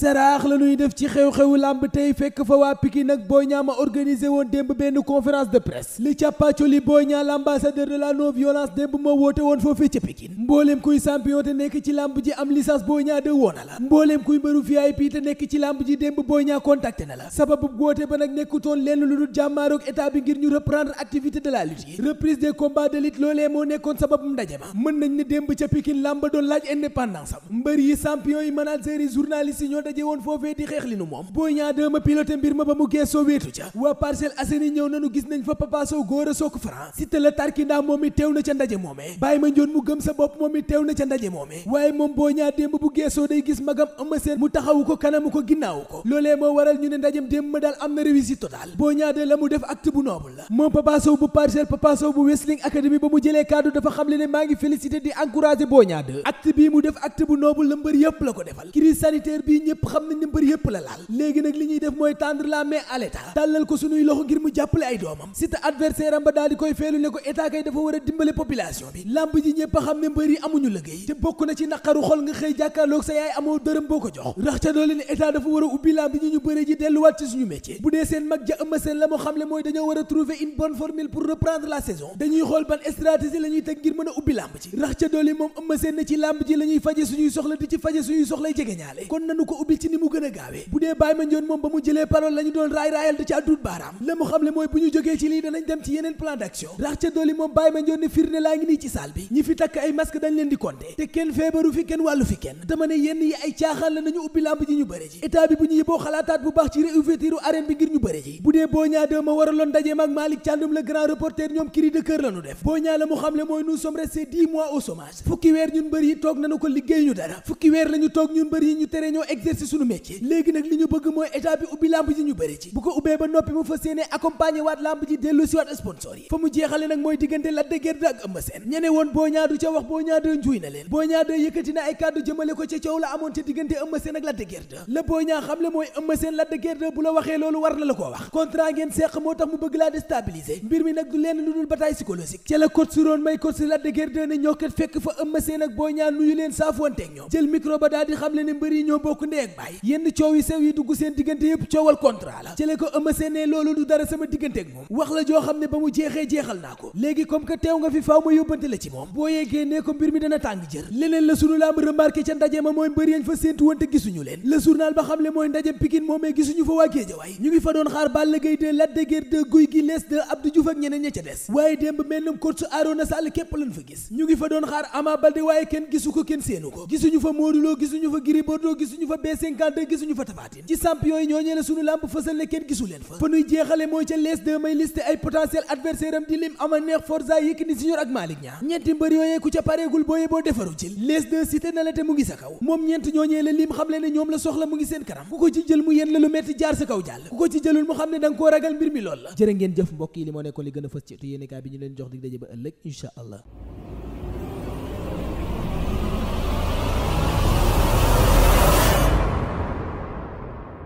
saraax la ñuy def ci xew xew làmb tey fekk fa waa Pikine nag Boy Niang ma organisé woon démb benn conférence de presse li càppaacoli Boy Niang l'ambassadeur de la non violence démb moo woote woon foofee ca Pikine mbooleem kuy champion te nekk ci làmb ji am licence Boy Niang de woona la mbooleem kuy mbëru VIP te nekk ci làmb ji démb Boy Niang contacté na la sababu woote ba nag nekkutoon lenn lu dul jàmmaaroog état bi ngir ñu reprendre activité de la lutte yi reprise des combats de lutte loolee moo nekkoon sababu ndaje ma mën nañ ne démb ca Pikine làmb doon laaj indépendance yi daje woon foofee di xeex li nu moom Boy Niang 2 ma piloté mbir ma ba mu geesoo wéetu ca waa Parcelles Assainies ñëw nanu gis nañ fa Papa góor a sook franc Siteu la tarkindaa moom i teew na ca ndaje moomee Baye Mandione mu gëm sa bopp moom i teew na ca ndaje moomee waaye moom Boy Niang démb bu geesoo day gis magam Eumeu Sène mu taxawu ko kanamu ko ginnaawu ko loolee moo waral ñu ne ndajem démb ma daal am na réussite totale Boy Niang 2 la mu def acte bu noble la moom Papa Sow bu Parcelles Papa xam le maa ngi félicité di encouragé Boy Niang 2 acte la mbër yépp la ko defal ñëpp xam nañ ne mbër yëpp la laal léegi nag li ñuy def mooy tendre la main à l'état tàllal ko suñuy loxo ngir mu jàppale ay doomam Siteu adversaire am ba daal di koy feelu ne ko état kay dafa war dimbale population bi lamb ji ñëpp a xam ne mbër yi amuñu liggéey te bokk na ci naqaru xol nga xëy jàkkaarloog sa yaay amoo dërëm boo ko jox rax ca doole ne état dafa war a ubbi lamb ji ñu bëre ji delluwaat ci suñu métier bu dee seen mag ja ëmma seen la moo xam le mooy dañoo war a trouver une bonne formule pour reprendre la saison dañuy xool ban stratégie la ñuy teg ngir mën a ubbi lamb ji rax ca la ñuy faje suñuy soxla di ci faje suñuy soxlay jegeñaale kon nanu bi ci ni mu gën a gaawee bu dee Baye moom ba mu jëlee parole la doon raay-raayal ca duut baaraam la mu xam mooy bu ñu jógee ci lii danañ dem ci yeneen plan d'action rax ca dolli moom Baye Mandione ne laa ngi nii ci salle bi ñi fi takk ay masque dañ leen di compter te kenn feebaru fi kenn wàllu fi kenn dama ne yenn yi ay caaxaan la nañu ubbi lamb ji ñu bëre ji état bi bu ñu yëboo xalaataat bu baax ci réouverture arène bi ngir ñu bëre ji bu si sunu métier léegi nag li ñu bëgg mooy état bi ubbi lamb ji ñu bëri ci bu ko ubbee ba noppi mu fas yéene accompagner waat ji dellu si waat sponsor yi fa mu jeexale nag mooy diggante Lac de ak Eumeu Sène ñene woon Boy Niang du ca wax Boy njuuy na leen Boy Niang 2 yëkkati na ay kàddu jëmale ko ca coow la amoon ca diggante Eumeu Sène ak Lac de Guiers la Boy Niang xamle mooy Eumeu Sène Lac de bu la waxee loolu war na la ko wax contrat ngeen seeq moo tax mu bëgg laa déstabiliser mbir mi nag du lu dul bataille psychologique ca la coach suroon may fekk fa Eumeu Sène ak Boy Niang nuyu leen saafoonteeg ñoom jël micro ba daal di xamle ne mbër yi ñoo ak bàyyi yenn coow yu sew yi dugg seen diggante yëpp coowal contrat la jële ko Eumeu Sène loolu du dara sama diggante ak moom wax la joo xam ne ba mu jeexee jeexal naa ko léegi comme que teew nga fi faaw ma yóbbante la ci moom boo yeggee ne ko mbir mi dana tàng jër leneen la sunu lamb remarqué ca ndaje ma mooy mbër yañ fa séentu woon te gisuñu leen le journal ba xam mooy ndaje Pikine moomee gisuñu fa waa Géejawaay ñu ngi fa doon xaar Balla Gaye 2 Lac de Guiers 2 Gouye Gui Less 2 Abdou Diouf waaye ñu ngi fa doon xaar Ama Baldé waaye kenn gisu ko kenn séenu ko gisuñu fa Modou Lo gisuñu fa Gris 52 gisuñu fa tafaatin ci champion yi ñooñee la sunu làmb fësal ne kenn gisu leen fa fa nuy jeexale mooy ca lees de may liste ay potentiel adversaire am di lim ama neex Forza Yékini Junior ak Malick Niang ñeenti mbër yooyee ca pareegul booye boo defaru ci lees de cité na la te mu ngi sa kaw moom ñeent ñooñee la lim xam ne ñoom la soxla mu ngi seen kanam ku ko ci jël mu yéen la metti jaar sa kaw jàll ku ko ci jëlul mu xam ne da nga ragal mbir